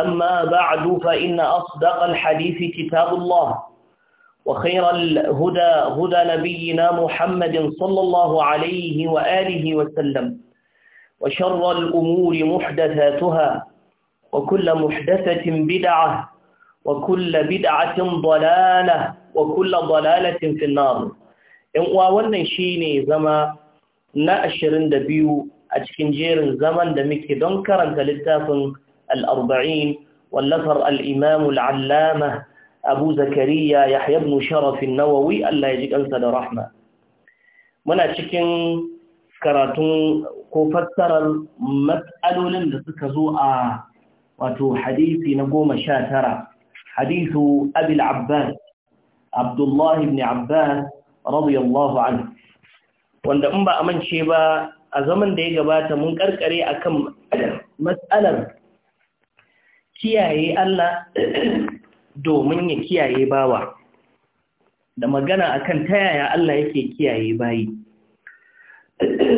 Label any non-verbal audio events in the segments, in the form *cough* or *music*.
أما بعد فإن أصدق الحديث كتاب الله وخير الهدى هدى نبينا محمد صلى الله عليه وآله وسلم وشر الأمور محدثاتها وكل محدثة بدعة وكل بدعة ضلالة وكل ضلالة في النار wannan shine zama na 22 a cikin jerin zaman da muke don الأربعين واللفر الإمام العلامة أبو زكريا يحيى بن شرف النووي الله يجيك أنسى رحمة muna cikin karatun ko fassarar matsalolin da suka zo a wato hadisi na goma sha tara hadisu abil abbas abdullahi ibn abbas radiyallahu anhu wanda in ba a mance ba a zaman da ya gabata mun karkare akan matsalar kiyaye Allah *clears throat* domin ya kiyaye bawa da magana akan ta yaya Allah yake kiyaye bayi *clears throat*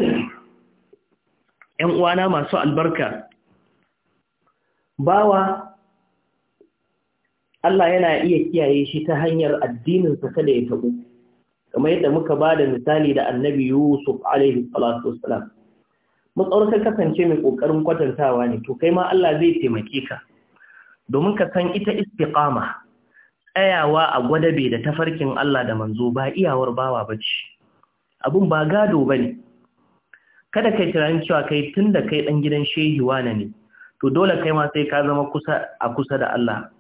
‘yan uwana masu albarka bawa Allah yana iya kiyaye shi ta hanyar addininsa kada ya taɓo kamar yadda muka ba da misali da annabi yusuf alaihi salatu wasalam matsawar ka kasance mai ƙoƙarin kwatantawa ne to kai ma Allah zai taimake ka domin ka san ita istiqama tsayawa a gwadabe da tafarkin Allah da manzo ba iyawar bawa ba ce, abin ba gado ba ne. kada kai tunanin cewa kai tunda kai ɗan gidan shehi wane ne to dole kai ma sai ka zama kusa a kusa da Allah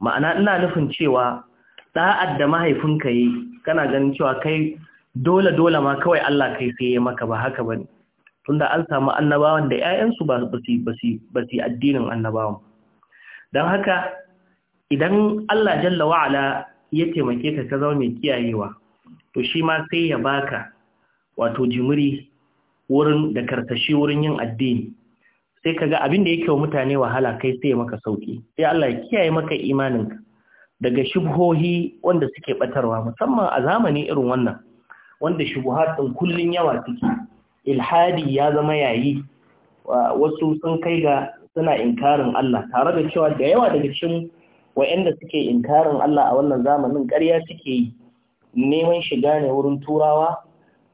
ma'ana ina nufin cewa da'ad da mahaifinka yi kana ganin cewa kai dole dole ma kawai Allah kai sai ya maka ba haka bane tunda an samu annabawan da 'ya'yansu ba su yi addinin annabawan don haka idan Allah jalla wa'ala ya taimake ka ka zama mai kiyayewa to shi ma sai ya baka wato jimiri wurin da karkashi wurin yin addini sai ka ga abin da yake wa mutane wahala kai sai maka sauki sai Allah ya kiyaye maka imaninka daga shubhohi wanda suke batarwa musamman a zamani irin wannan wanda shubuhat kullun yawa suke ilhadi ya zama yayi wasu sun kai ga suna inkarin Allah tare da cewa da yawa daga cikin wa'anda suke inkarin Allah a wannan zamanin ƙarya suke yi neman shiga ne wurin turawa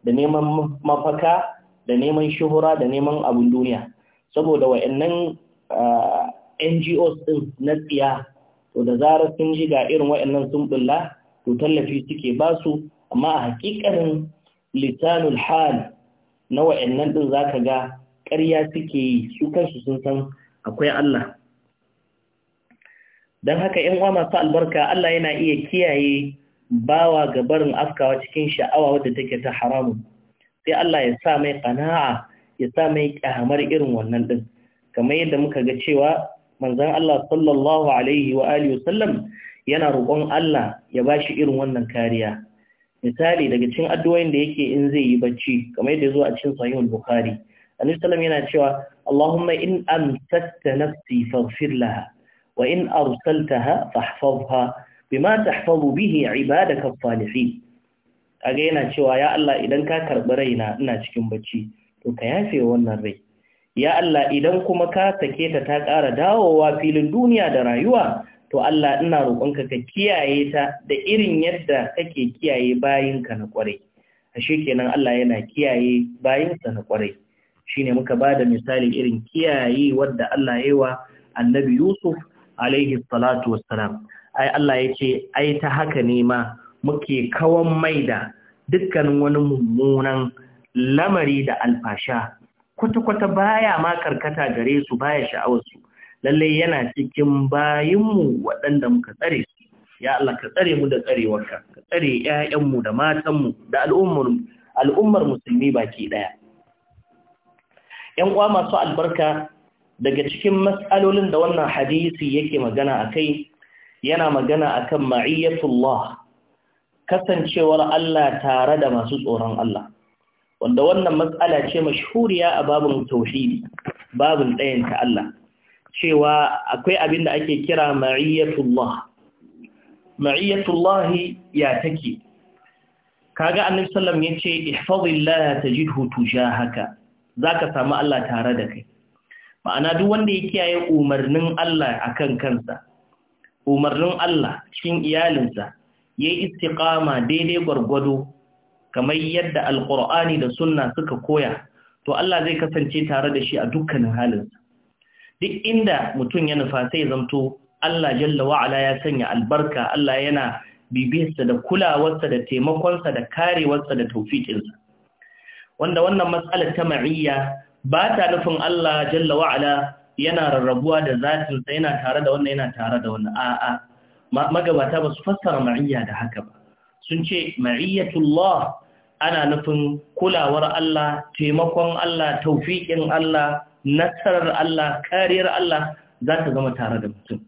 da neman mafaka da neman shuhura da neman abun duniya saboda wa'annan ah, NGOs din na tsiya to da zarar sun ji ga irin wa'annan sun bulla to tallafi suke ba su amma a hakikarin litanul hal na wa'annan din zaka ga ƙarya suke yi su kansu sun san akwai Allah don haka ‘yan uwa masu albarka Allah yana iya kiyaye bawa gabarin afkawa cikin sha'awa wadda take ta haramu sai Allah ya sa mai ƙana'a ya sa mai ƙyamar irin wannan ɗin kamar yadda muka ga cewa manzan Allah sallallahu alaihi wa alihi wasallam yana roƙon Allah ya ba shi irin wannan kariya misali daga cikin addu'o'in da yake in zai yi bacci kamar yadda zuwa cikin sahihul bukhari annabi sallam yana cewa Allahumma in amsakta nafsi faghfir laha wa in arsaltaha fahfazha bima tahfazu bihi ibadaka as-salihin kaga yana cewa ya Allah idan ka karbi raina ina cikin bacci to ka yafe wannan rai ya Allah idan kuma ka sake ta ta ƙara dawowa filin duniya da rayuwa to Allah ina roƙonka ka kiyaye ta da irin yadda kake kiyaye bayinka na ƙwarai ashe kenan Allah yana kiyaye bayinsa na ƙwarai shine muka ba da misali irin kiyaye wadda Allah ya yi wa annabi Yusuf alaihi salatu wassalam ai Allah ya ce ai ta haka ne ma muke kawan maida dukkanin wani mummunan lamari da alfasha kwata-kwata baya ma karkata gare su baya sha'awarsu lallai yana cikin bayinmu waɗanda muka tsare su ya Allah ka tsare mu da tsarewarka ka tsare 'ya'yanmu da matanmu da al'ummar musulmi baki ɗaya ‘yan uwa masu albarka daga cikin matsalolin da wannan hadisi yake magana a kai yana magana a kan ma'iyyatullah kasancewar Allah tare da masu tsoron Allah wanda wannan matsala ce mashuriya a babin tauhidi babin ɗayanta Allah cewa akwai abin da ake kira ma'iyyatullah ma'iyyatullah ya take kaga annabi sallam yace ihfazillaha tajidhu tujahaka za ka samu Allah tare da kai ma'ana duk wanda ya kiyaye umarnin Allah a kan kansa umarnin Allah cikin iyalinsa ya yi istiƙama daidai gwargwado kamar yadda alkur'ani da sunna suka koya to Allah zai kasance tare da shi a dukkanin halinsa duk inda mutum ya nufa sai zamto Allah jalla wa'ala ya sanya albarka Allah yana bibiyarsa da kulawarsa da taimakonsa da karewarsa da taufikinsa wanda wannan matsalar ta ma'iyya ba ta nufin Allah jalla wa'ala yana rarrabuwa da zatinsa yana tare da wannan yana tare da wannan a'a magabata ba su fassara ma'iyya da haka ba sun ce ma'iyyatullah ana nufin kulawar Allah taimakon Allah taufiƙin Allah nasarar Allah kariyar Allah za ta zama tare da mutum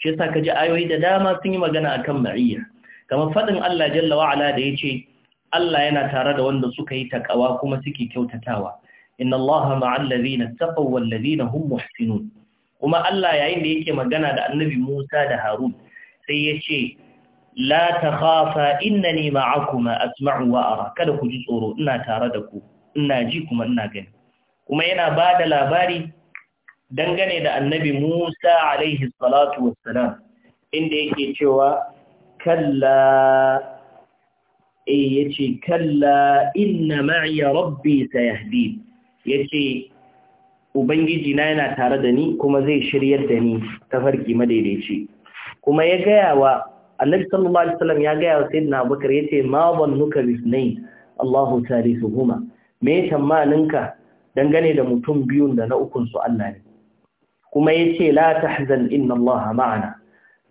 shi yasa kaji ayoyi da dama sun yi magana akan ma'iyya kamar faɗin Allah jalla wa'ala da yace Allah yana tare da wanda suka yi takawa kuma suke kyautatawa inna Allaha ma'al ladina taqaw wal ladina hum muhsinun kuma Allah yayin da yake magana da Annabi Musa da Harun sai ya ce la takhafa innani ma'akuma asma'u wa ara kada ku ji tsoro ina tare da ku ina ji kuma ina gani kuma yana ba da labari dangane da annabi Musa alaihi salatu wassalam inda yake cewa kalla eh yace kalla inna ma'i rabbi sayahdi yace ubangiji na yana tare da ni kuma zai shiryar da ni ta farki madaidaici kuma ya gaya wa annabi sallallahu alaihi wasallam ya gaya wa sayyidina abubakar yace ma bannuka bisnai Allahu talisuhuma me tamaninka dangane da mutum biyun da na ukun su Allah ne kuma yace la tahzan inna Allah ma'ana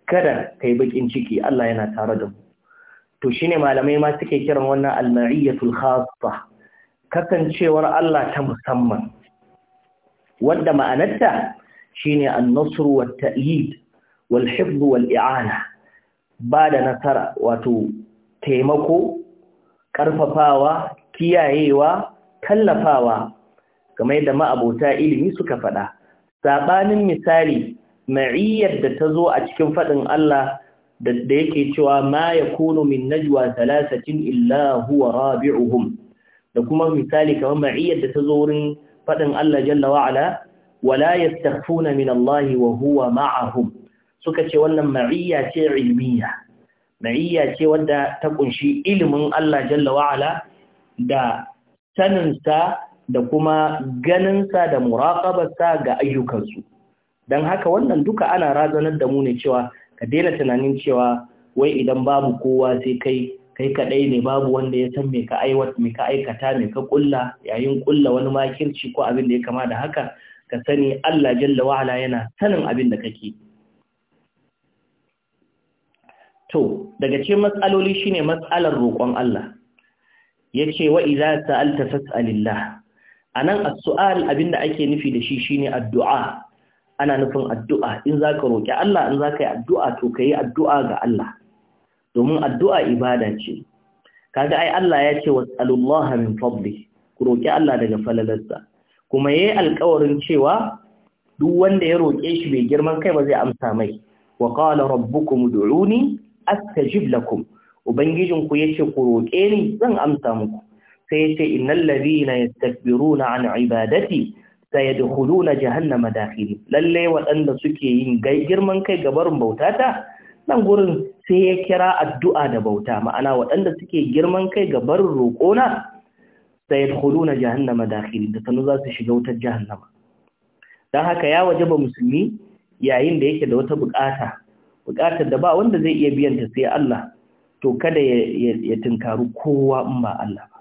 kada kai bakin ciki Allah yana tare da mu to shine malamai ma suke kiran wannan al-ma'iyyatul khassa kasancewar Allah ta musamman wanda ma'anarta shine an-nasr wa at-ta'yid wal hifz wal i'ana ba da nasara wato taimako karfafawa kiyayewa tallafawa kamar yadda ma'abota ilimi suka faɗa sabanin misali ma'iyyar da ta zo a cikin faɗin Allah da yake cewa ma yakunu min najwa talasatin illa huwa rabi'uhum da kuma misali kamar ma'iyyar da ta zo wurin fadin Allah jalla wa ala wala yastakhfuna min Allah wa huwa ma'ahum suka ce wannan ma'iyya ce ilmiya ma'iyya ce wadda ta kunshi ilimin Allah jalla wa ala da saninsa da kuma ganinsa da sa ga ayyukansu don haka wannan duka ana razanar da mu ne cewa ka daina tunanin cewa wai idan babu kowa sai kai kai kadai ne babu wanda ya san me ka aiwat me ka aikata me ka kulla yayin kulla wani makirci ko abin da ya kama da haka ka sani Allah jalla wa ala yana sanin abin da kake to daga cikin matsaloli shine matsalar roƙon Allah yace wa idza sa'alta fas'alillah anan as-su'al abinda ake nufi da shi shine addu'a ana nufin addu'a in za ka roƙi Allah in za ka yi addu'a to ka yi addu'a ga Allah domin addu'a ibada ce kaga ai Allah ya ce was'alullaha min fadli ku roƙi Allah daga falalarsa kuma yayi alƙawarin cewa duk wanda ya roƙe shi bai girman kai ba zai amsa mai wa qala rabbukum ud'uni astajib lakum ubangijin ku yace ku roƙe ni zan amsa muku sai yace innal ladhina yastakbiruna an ibadati na jahannama dakhili lalle waɗanda suke yin girman kai ga barin bautata nan gurin sai ya kira addu'a da bauta ma'ana waɗanda suke girman kai ga barin roƙona sayadkhuluna jahannama dakhili da sanu za su shiga wutar jahannama dan haka ya wajaba musulmi yayin da yake da wata bukata bukatar da ba wanda zai iya biyan ta sai Allah to kada ya, tinkaru kowa in ba Allah ba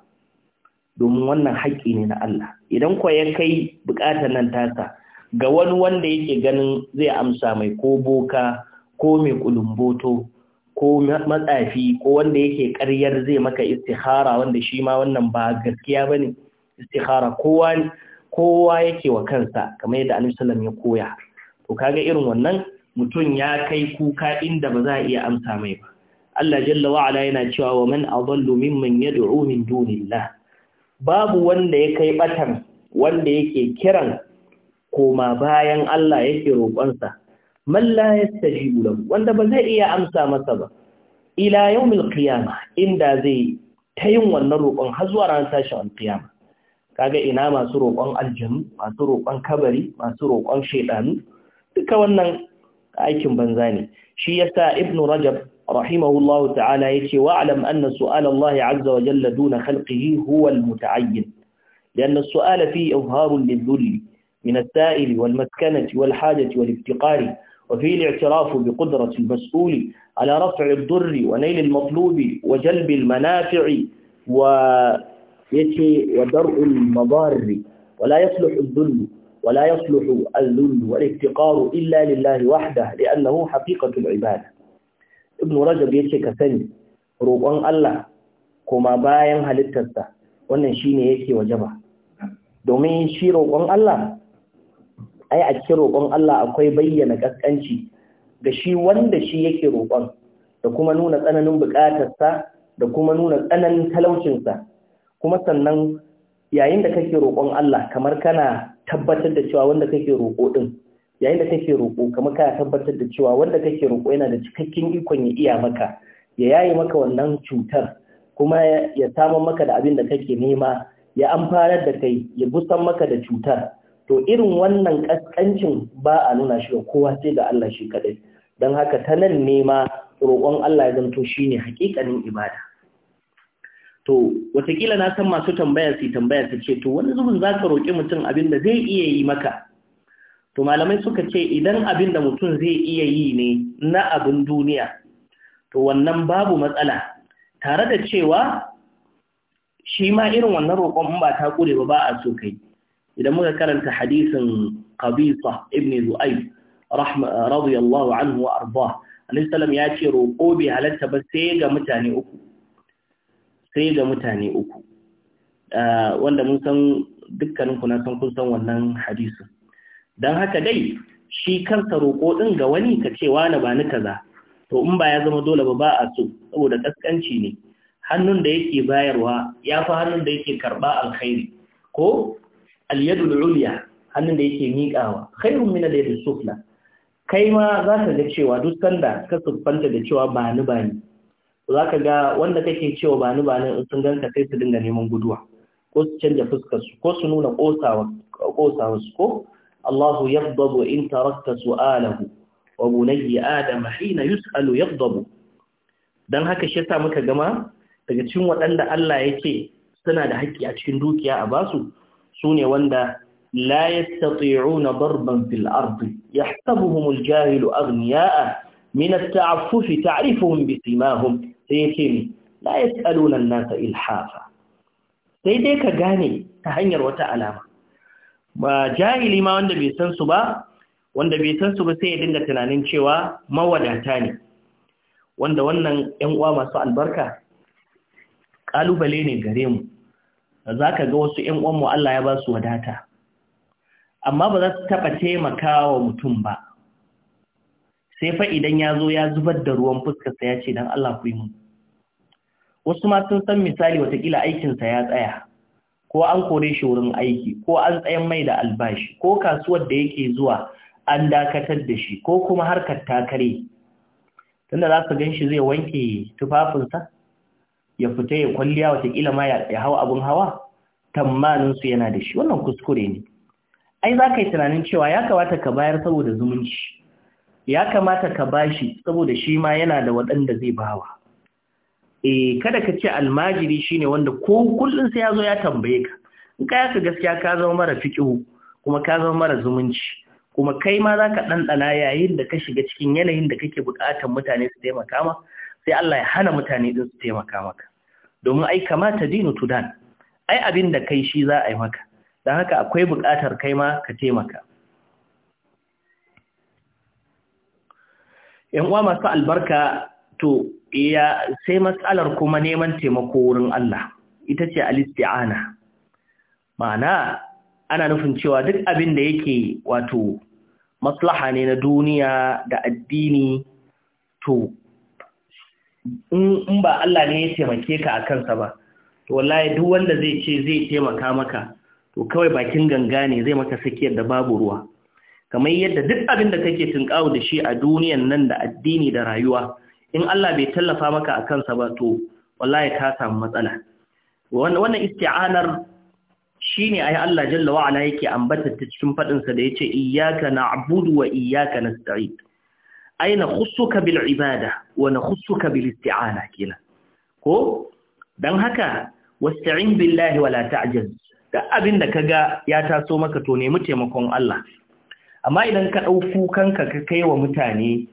domin wannan haƙƙi ne na Allah idan ko ya kai buƙatar nan tasa ga wani wanda yake ganin zai amsa mai ko boka ko mai kulumboto ko matsafi ko wanda yake ƙaryar zai maka istihara wanda shi ma wannan ba gaskiya ba ne, istihara kowa kowa yake wa kansa kamar yadda Annabi ya koya to kaga irin wannan mutum ya kai kuka inda ba za a iya amsa mai ba Allah jalla wa yana cewa wa man adallu mimman yad'u min dunillah babu wanda ya kai batan wanda yake kiran koma bayan Allah yake roƙonsa malla yastajibu lahu wanda ba zai iya amsa masa ba ila yawmil qiyama inda zai ta yin wannan roƙon har zuwa ranar tashin qiyama kaga ina masu roƙon aljanu masu roƙon kabari masu roƙon shaidanu duka wannan aikin banza ne shi yasa ibnu rajab رحمه الله تعالى wa'lam واعلم أن سؤال الله عز وجل دون خلقه هو المتعين لأن السؤال فيه إظهار للذل من السائل والمسكنة والحاجة والافتقار وفيه الاعتراف بقدرة المسؤول على رفع الضر ونيل المطلوب وجلب المنافع و ودرء المضار ولا يصلح الذل ولا يصلح الذل والافتقار إلا لله وحده لأنه حقيقة العبادة ibn rajab ya ka sani roƙon Allah koma bayan halittarsa wannan shine yake wajaba domin shi roƙon Allah ai a cikin roƙon Allah akwai bayyana ƙasƙanci, ga shi wanda shi yake roƙon da kuma nuna tsananin buƙatarsa da kuma nuna tsananin talaucinsa kuma sannan yayin da kake roƙon Allah kamar kana tabbatar da cewa wanda kake roƙo ɗin. yayin da kake roƙo kamar ka tabbatar da cewa wanda kake roƙo yana da cikakken ikon ya iya maka ya yaye maka wannan cutar kuma ya samun maka da abin da kake nema ya amfanar da kai ya gusan maka da cutar to irin wannan kaskancin ba a nuna shi ga kowa sai ga Allah shi kadai don haka ta nan nema roƙon Allah ya zanto ne hakikanin ibada to watakila na san masu tambaya su tambaya su ce to wani zubin zaka roƙi mutum abin da zai iya yi maka to malamai suka ce idan abin da mutum zai iya yi ne na abin duniya to wannan babu matsala tare da cewa shi ma irin wannan roƙon ba ta kure ba ba a so kai idan muka karanta hadisin qabisa ibn zu'ay radiyallahu anhu wa arda annabi sallam ya ce roƙo bai halatta ba sai ga mutane uku sai ga mutane uku ah, wanda mun san dukkanin na san kun san wannan hadisin don haka dai shi kansa roƙo ɗin ga wani ka ce wani ba ni kaza to in ba ya zama dole ba ba a so saboda kaskanci ne hannun da yake bayarwa ya fi hannun da yake karɓa alkhairi ko alyadul uliya hannun da yake miƙawa khairun min alyadul sufla kai ma za ka ga cewa duk sanda ka siffanta da cewa ba ni ba ni za ka ga wanda kake cewa ba ni ba ni in sun ganka sai su dinga neman guduwa ko su canja fuskar su ko su nuna ƙosawa su ko الله يغضب إن تركت سؤاله وبني آدم حين يسأل يغضب dan haka shi yasa muka gama daga cikin waɗanda Allah ya ce suna da haƙƙi a cikin dukiya a basu sune wanda la yastati'una darban fil ardi yahsabuhum al-jahilu aghniya'a min at-ta'affufi ta'rifuhum bi simahum sai yace ni la yas'aluna an-nasa ilhafa sai dai ka gane ta hanyar wata alama ba jahili ma wanda bai san su ba wanda bai san su ba sai ya dinga tunanin cewa mawadata ne wanda wannan ƴan uwa masu albarka kalubale ne gare mu zaka ga wasu ƴan uwan mu Allah ya ba su wadata amma ba za su taba taimakawa mutum ba sai fa idan ya zo ya zubar da ruwan fuskarsa ya ce dan Allah ku yi mun wasu ma sun san misali watakila aikinsa ya tsaya ko an kore shi wurin aiki ko an tsayan mai da albashi ko kasuwar da yake zuwa an dakatar da shi ko kuma harkar takare tunda za su gan shi zai wanke tufafinsa ya fita ya kwalliya watakila ma ya hau abin hawa tammaninsu yana da shi wannan kuskure ne ai za ka yi tunanin cewa ya kamata ka bayar saboda zumunci ya kamata ka bashi saboda shi ma yana da waɗanda zai bawa eh kada ka ce almajiri shine wanda ko kullun sai yazo ya tambaye ka in ka yaka gaskiya ka zama mara fikihu kuma ka zama mara zumunci kuma kai ma zaka dandana yayin da ka shiga cikin yanayin da kake buƙatar mutane su taimaka ma sai Allah ya hana mutane din su taimaka maka domin ai kamata dinu tudan ai abin da kai shi za a yi maka don haka akwai buƙatar kai ma ka taimaka Yan uwa masu albarka to iya sai matsalar kuma neman taimako wurin Allah ita ce al ma'ana ana nufin cewa duk abin da yake wato maslaha ne na duniya da addini to in ba Allah ne ya taimake ka a kansa ba to wallahi duk wanda zai ce zai taimaka maka to kawai bakin ganga ne zai maka sakiyar da babu ruwa kamar yadda duk abin da kake tunkawo da shi a duniyan nan da addini da rayuwa in Allah bai tallafa maka a kansa ba to wallahi ka samu matsala wannan isti'anar shine ayi Allah jalla wa ala yake ambata ta cikin fadin sa da yace iyyaka na'budu wa iyyaka nasta'in ay nakhussuka bil ibada wa nakhussuka bil isti'ana kila ko dan haka wasta'in billahi wa la ta'jaz da abinda kaga ya taso maka to nemi taimakon Allah amma idan ka dauku kanka ka kai wa mutane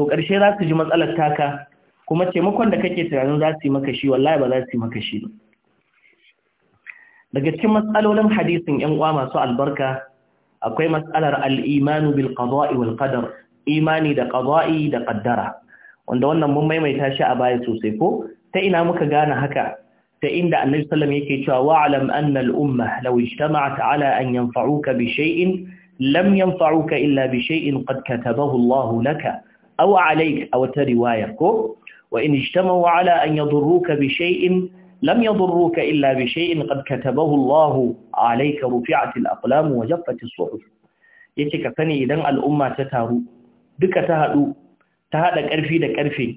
to ƙarshe za su ji matsalar taka kuma taimakon da kake tunanin za su yi maka shi wallahi ba za su yi maka shi ba daga cikin matsalolin hadisin ƴan uwa masu albarka akwai matsalar al'imanu bil qada'i wal qadar imani da qada'i da qaddara wanda wannan mun maimaita shi a baya sosai ko ta ina muka gane haka ta inda annabi sallam yake cewa wa'lam anna al-umma law ijtama'at ala an yanfa'uka bi shay'in lam yanfa'uka illa bi shay'in qad katabahu Allah laka aw alayk a wata riwaya ko wa in ijtamahu ala an yadurruka bi shay'in lam yadurruka illa bi shay'in qad katabahu Allah alayka rufi'at al-aqlam wa jaffat as-suhuf yace ka sani idan al'umma ta taru duka ta hadu ta hada karfi da karfe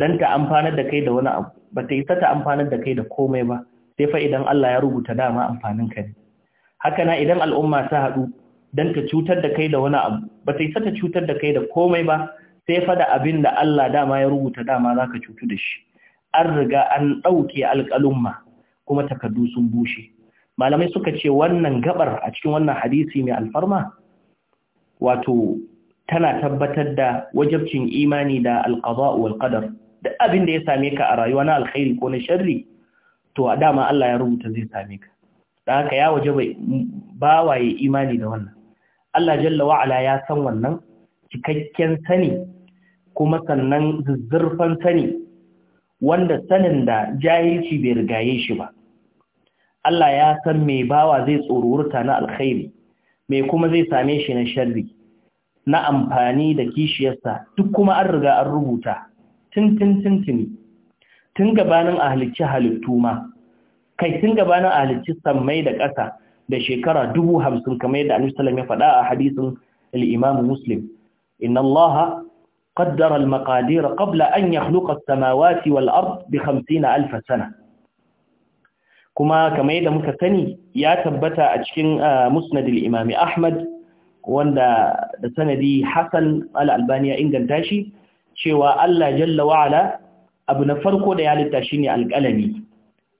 dan ta amfanar da kai da wani abu ba ta isa ta amfanar da kai da komai ba sai fa Allah ya rubuta dama amfanin ka ne haka na idan al'umma ta ta cutar da kai da wani abu ba ta isa ta cutar da kai da komai ba sai fa da abin da Allah dama ya rubuta dama za ka cutu da shi an riga an ɗauke alƙalumma kuma takardu sun bushe malamai suka ce wannan gabar a cikin wannan hadisi mai alfarma wato tana tabbatar da wajabcin imani da alqada wal qadar da abin da ya same ka a rayuwa na alkhairi ko na sharri to a dama Allah ya rubuta zai same ka da haka ya wajaba bawaye imani da wannan Allah jalla wa ya san wannan cikakken sani kuma sannan zuzzurfan sani wanda sanin da jahilci bai rigaye shi ba Allah ya san me bawa zai tsorurta na alkhairi me kuma zai same shi na sharri na amfani da kishiyarsa duk kuma an riga an rubuta tun tun tun gabanin a halicci halittu ma kai tun gabanin a halicci sammai da ƙasa da shekara dubu hamsin kamar yadda annabi ya faɗa a hadisin al Muslim inna Allah قدر المقادير قبل أن يخلق السماوات والأرض بخمسين ألف سنة كما كما يدى مكتني يا تبتا أجكين مسند الإمام أحمد واندا سندي حسن الألبانية إنجان تاشي شوى الله جل وعلا أبن فرقو ديال التاشيني القلمي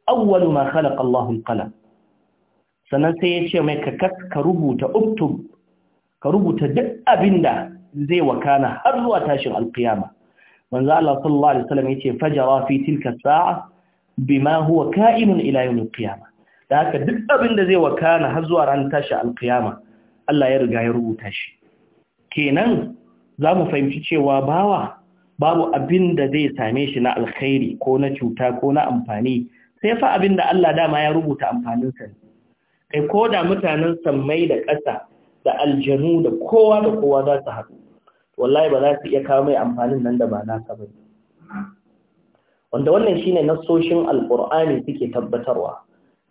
أول ما خلق الله القلم sannan sai ya ce mai ka rubuta uktub ka rubuta duk abinda zai wakana har zuwa tashin alkiyama manzo Allah sallallahu alaihi wasallam yace fajara fi tilka sa'a bima huwa ka'inun ila yawm alqiyama da haka duk abin da zai wakana har zuwa ran tashin alkiyama Allah ya riga ya rubuta shi kenan zamu fahimci cewa bawa babu abin da zai same shi na alkhairi ko na cuta ko na amfani sai fa abin da Allah dama ya rubuta amfanin kai ko da mutanen sammai da ƙasa da aljanu da kowa da kowa za su haɗu wallahi ba za su iya kawo mai amfanin nan da ba naka ba wanda wannan shine nassoshin alqur'ani suke tabbatarwa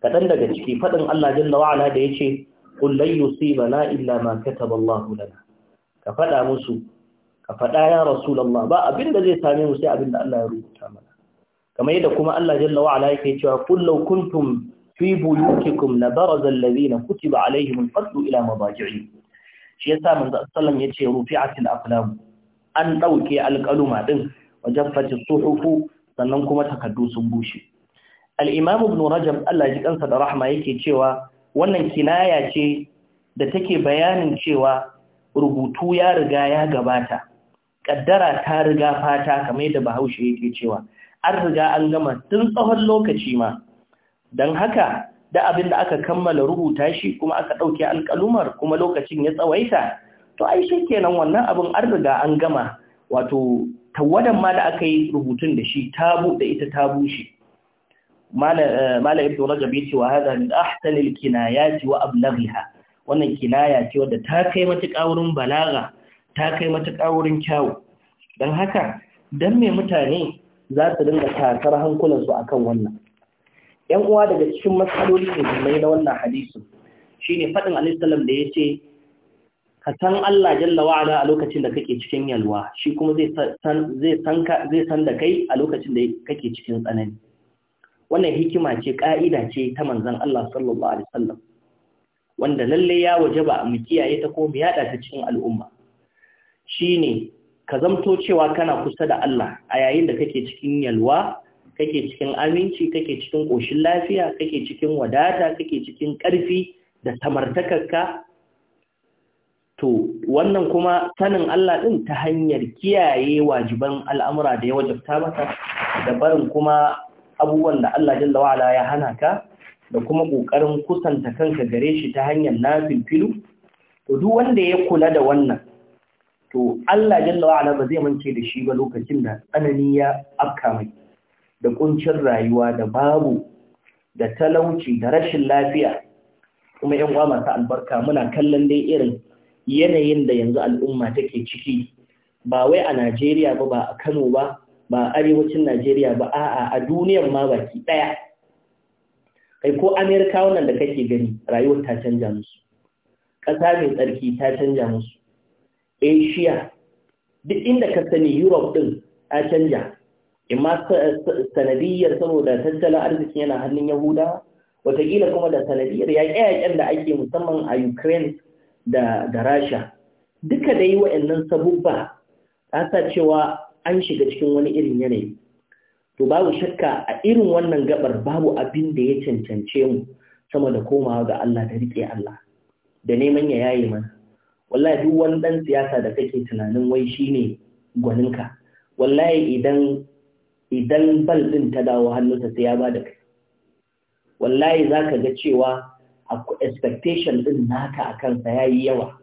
kadan daga ciki fadin Allah jalla wa ala da yace qul lan yusibana illa ma kataba Allah lana ka fada musu ka fada ya rasulullah ba abinda zai same mu sai abinda Allah ya rubuta mana kamar yadda kuma Allah jalla wa ala yake cewa qul law kuntum fi buyutikum labaraza alladhina kutiba alaihim alqatl ila madaji'ihim shi yasa manzo sallam yace rufi'atil aqlam an dauke alqaluma din fati suhufu sannan kuma takaddu sun bushe al-imam ibn rajab Allah ji kansa da rahma yake cewa wannan kinaya ce da take bayanin cewa rubutu ya riga ya gabata kaddara ta riga fata kamar da bahaushe yake cewa an riga an gama tun tsawon lokaci ma dan haka da abin da aka kammala rubuta shi kuma aka ɗauke alƙalumar kuma lokacin ya tsawaita to ai shi kenan wannan abin an riga an gama wato tawadan ma da aka yi rubutun da shi ta da ita ta bushe mala eh, ibnu rajab yace wa hadha min ahsani alkinayat wa ablaghha wannan kinaya ce wadda ta kai matuƙa wurin balaga ta kai matuƙa wurin kyawu don haka dan me mutane za su dinga tasar hankulansu akan wannan ‘yan uwa daga cikin matsaloli ne jimai na wannan hadisu shi ne faɗin alisalam da ya ce ka san Allah jalla wa'ala a lokacin da kake cikin yalwa shi kuma zai san da kai a lokacin da kake cikin tsanani wannan hikima ce ƙa'ida ce ta Manzon Allah sallallahu alaihi wasallam wanda lalle ya wajaba mu kiyaye ta ko mu yada ta cikin al'umma shine ka zamto cewa kana kusa da Allah a yayin da kake cikin yalwa kake cikin aminci kake cikin ƙoshin lafiya kake cikin wadata kake cikin ƙarfi da samartakarka to wannan kuma sanin Allah ɗin ta hanyar kiyaye wajiban al'amura da ya wajabta maka da barin kuma abubuwan da Allah jalla wa'ala ya hana ka da kuma ƙoƙarin kusanta kanka gare shi ta hanyar nafin filu to duk wanda ya kula da wannan to Allah jalla wa'ala ba zai mance da shi ba lokacin da tsanani ya afka mai da ƙuncin rayuwa da babu da talauci da rashin lafiya kuma yan uwa masu albarka muna kallon dai irin yanayin da yanzu al'umma take ciki ba wai a Najeriya ba ba a Kano ba ba a arewacin Najeriya ba a'a a duniyar ma baki daya kai ko Amerika wannan da kake gani rayuwar ta canja musu ƙasa mai tsarki ta canja musu Asia duk inda ka sani Europe din ta canja imma sanadiyyar saboda tattalin arziki yana hannun yahuda watakila kuma da sanadiyar yaƙe-yaƙen da ake musamman a ukraine da rasha duka da yi wa'annan sabubba ta sa cewa an shiga cikin wani irin yanayi to babu shakka a irin wannan gabar babu abin da ya cancance mu sama da komawa ga Allah da riƙe Allah da neman ya yaye mana wallahi duk wani ɗan siyasa da kake tunanin wai shine gwaninka wallahi idan idan bal ɗin ta dawo hannunsa sai ya ba da kai wallahi za ka ga cewa expectation ɗin naka a kansa ya yi yawa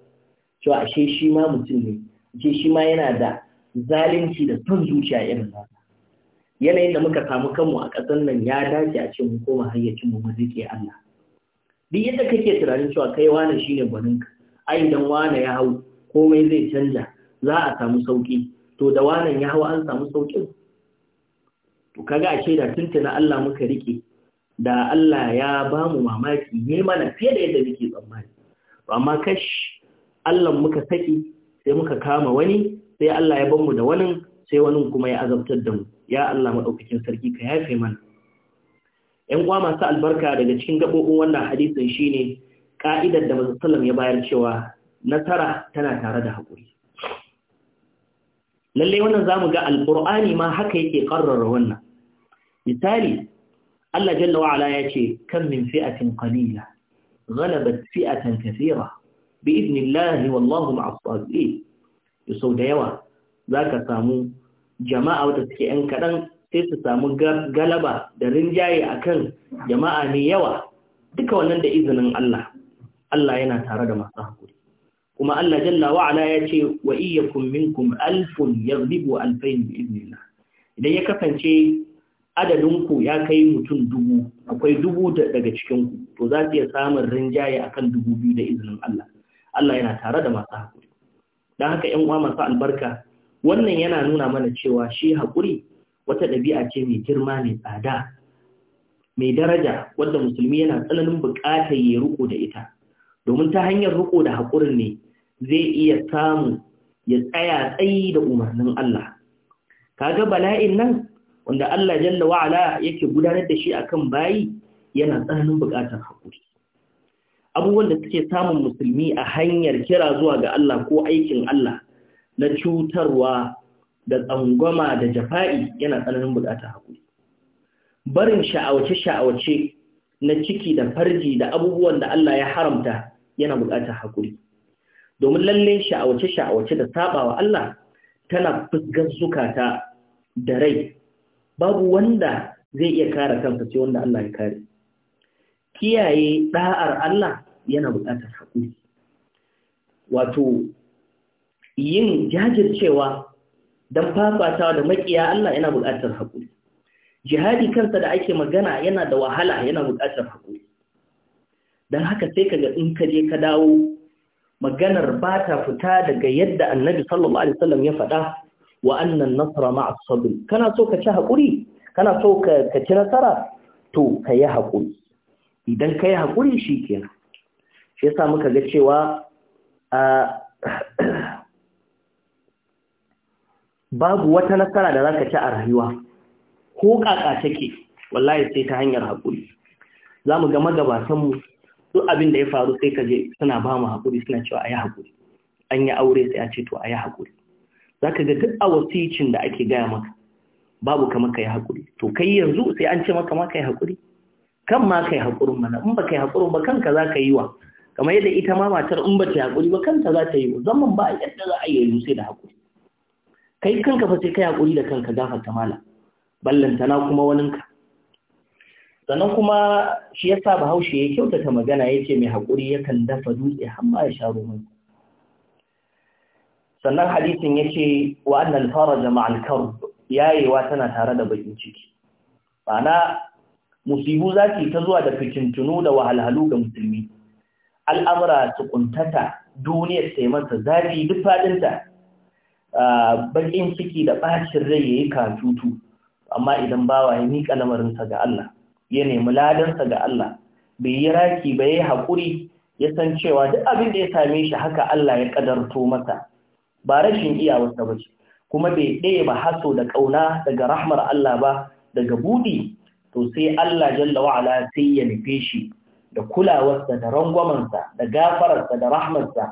cewa ashe shi ma mutum ne ashe shi ma yana da zalunci da son zuciya irin nasa yanayin da muka samu kanmu a ƙasar nan ya dace a ce mu koma hayyacin mu mu rike Allah duk yadda kake tunanin cewa kai wane shine gwaninka ai idan wane ya hau komai zai canja za a samu sauki to da wanan ya hau an samu saukin to kaga a da tuntuna Allah muka rike da Allah ya ba mu mamaki ne mana fiye da yadda muke tsammani to amma kash Allah muka saki sai muka kama wani sai Allah ya ban mu da wani sai wani kuma ya azabtar da mu ya Allah maɗaukakin sarki ka yafe mana ƴan uwa masu albarka daga cikin gabobin wannan hadisin shine ka'idar da Manzon sallam ya bayar cewa nasara tana tare da haƙuri Lallai wannan zamu ga alqur'ani ma haka yake karrara wannan misali Allah jalla wa ya ce kan min fi'atin qalila ghalabat fi'atan kathira bi idnillahi wallahu ma'as da sau da yawa zaka samu jama'a wata suke yan kaɗan sai su samu galaba da rinjaye akan jama'a mai yawa duka wannan da izinin Allah Allah yana tare da masu hakuri kuma Allah jalla ya ce yace wa iyyakum kun alfun yaghlibu alfayn bi idan ya kasance adadinku ya kai mutum dubu akwai dubu daga cikinku to za su iya samun rinjaye a kan dubu biyu da izinin Allah Allah yana tare da masu haƙuri don haka ‘yan uwa masu albarka wannan yana nuna mana cewa shi haƙuri wata ɗabi'a ce mai girma mai tsada mai daraja wadda musulmi yana tsananin buƙatar ya riko da ita domin ta hanyar riko da haƙurin ne zai iya samu ya tsaya tsayi da umarnin Allah kaga bala'in nan wanda Allah jalla wa'ala yake gudanar da shi akan bayi yana tsananin buƙatar hakuri abubuwan da suke samun musulmi a hanyar kira zuwa ga Allah ko aikin Allah na cutarwa da tsangwama da jafa'i yana tsananin buƙatar haƙuri barin sha'awace-sha'awace na ciki da farji da abubuwan da Allah ya haramta yana buƙatar hakuri Domin lalle sha'awace-sha'awace da saɓawa Allah tana fuskar zukata da rai babu wanda zai iya kare kansa sai wanda Allah ya kare kiyaye da'ar Allah yana buƙatar hakuri wato yin jajircewa don fafatawa da maƙiya, Allah yana buƙatar hakuri jihadi kansa da ake magana yana da wahala yana buƙatar hakuri don haka sai kaga in ka je ka dawo maganar ba ta fita daga yadda annabi sallallahu alaihi wasallam ya faɗa Wa'annan annan nasara a sabr kana so ka ci haƙuri kana so ka ci nasara to ka yi haƙuri idan ka yi haƙuri shi kenan shi yasa muka ga cewa *clears throat* babu wata nasara da za ka ci a rayuwa ko kaka take wallahi sai ta hanyar haƙuri Za mu gama gabatanmu duk abin da ya faru sai ka je suna ba mu haƙuri suna cewa a yi haƙuri an yi aure sai a ce to a yi haƙuri za ka ga duk a wasicin da ake gaya maka babu ka maka yi haƙuri to kai yanzu sai an ce maka ma ka yi haƙuri kan ma ka yi haƙurin mana in ba ka yi haƙurin ba kanka za ka yi wa kamar yadda ita ma matar in ba ta yi haƙuri ba kanta za ta yi wa zaman ba yadda za a yi yanzu sai da haƙuri kai kanka fa sai ka yi haƙuri da kanka ta mala ballantana kuma waninka sannan kuma shi yasa bahaushe ya kyautata magana ya ce mai haƙuri yakan dafa dutse har ma ya sha ruwan sannan hadisin ya ce wa annal faraja ma'al karb yayewa tana tare da bakin ciki ma'ana musibu za ki ta zuwa da fitintunu da wahalhalu ga musulmi al'amura su kuntata duniyar taimarsa zafi duk fadinta bakin ciki da bacin rai ya yi katutu amma idan bawa ya miƙa lamarinsa ga Allah ya nemi ladansa ga Allah bai yi raki ba ya yi haƙuri ya san cewa duk abin da ya same shi haka Allah ya ƙadarto masa ba rashin iyawarsa ba ce kuma bai ɗaya ba haso da ƙauna daga rahmar Allah ba daga buɗi to sai Allah jalla wa'ala sai ya nufe shi da kulawarsa da rangwamansa da gafararsa da rahmarsa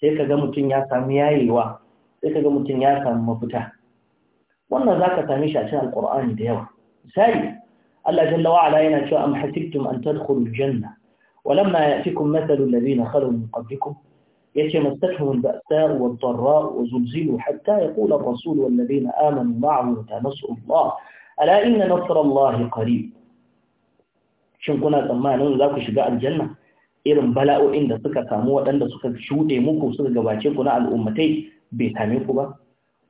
sai kaga mutum ya samu yayewa sai kaga mutum ya samu mafita wannan zaka same shi a cikin alqur'ani da yawa misali Allah jalla wa'ala yana cewa am hasibtum an tadkhulul janna walamma ya'tikum mathalu alladhina khalu min qablikum يتمسكهم البأساء والضراء وزلزلوا حتى يقول الرسول والذين آمنوا معه وتنصر الله ألا إن نصر الله قريب شن كنا زمان ذاك شجاع الجنة إرم بلاء إن دسك كامو وإن دسك شودي موكو سد جواتي كنا على بيتاميكو با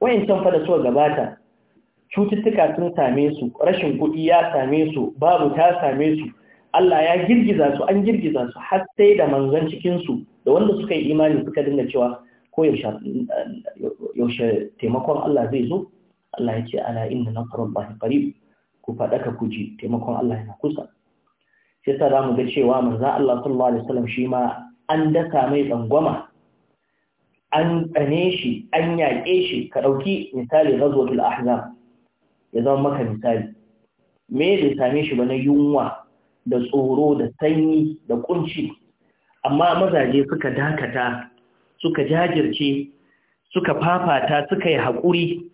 وإن تنفد سوى جواتا شو تكاتن تاميسو رشن قوئيا تاميسو بابو تا تاميسو Allah ya girgiza su an girgiza su har sai da manzan cikinsu da wanda suka yi imani suka dinga cewa ko yaushe taimakon Allah zai zo Allah ya ce ala inna nasrullahi qarib ku faɗaka ka ji taimakon Allah yana kusa sai sa zamu ga cewa manzo Allah sallallahu alaihi wasallam shi ma an dasa mai tsangwama an tsane shi an yaƙe shi ka ɗauki misali ghazwatul ahzab ya zama maka misali me bai same shi ba na yunwa da tsoro da sanyi da kunci amma mazaje suka dakata suka jajirce suka fafata suka yi haƙuri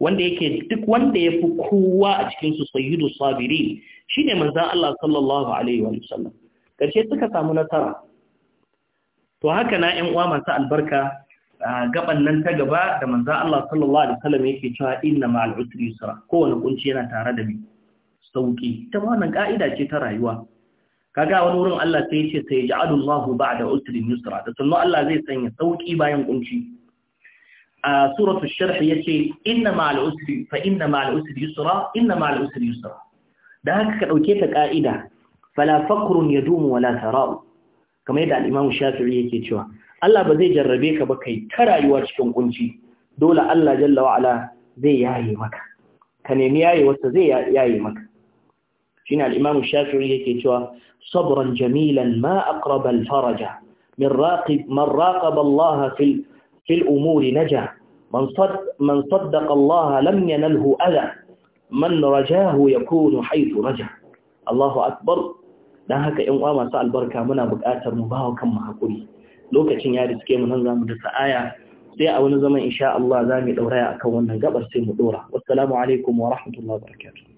wanda yake duk wanda ya fi kowa a cikinsu sayyidu sabiri shi ne manzan Allah sallallahu Alaihi wasallam ƙarshe suka samu nasara to haka na ‘yan uwa masu albarka gaban nan ta gaba da manzan Allah sallallahu Alaihi wasallam yake cewa inna ma'al usri yusra kowane kunci yana tare da mu sauki ita wannan ka'ida ce ta rayuwa kaga wani wurin Allah sai ya ce sai ja'alullahu ba'da usrin yusra da sannan Allah zai sanya sauki bayan kunci a suratul sharh yace inna ma'al usri fa inna ma'al usri yusra inna ma'al usri yusra da haka ka dauke ta ka'ida fala fakrun yadumu wala tara'u kamar yadda al-Imam Shafi'i yake cewa Allah ba zai jarrabe ka ba kai ta rayuwa cikin kunci dole Allah jalla wa ala zai yaye maka ka nemi yaye zai yaye maka shine al-Imam Shafi'i yake cewa sabran jamilan ma aqraba al-faraja min raqib man raqaba Allah fil fil umuri naja man sad man saddaqa Allah lam yanalhu ala man rajahu yakunu haythu raja Allahu akbar dan haka in uwa masu albarka muna buƙatar mu bawo mu hakuri lokacin ya riske mu nan zamu dasa sa'aya sai a wani zaman insha Allah zamu mu dauraya akan wannan gabar sai mu dora wassalamu alaikum wa rahmatullahi wa barakatuh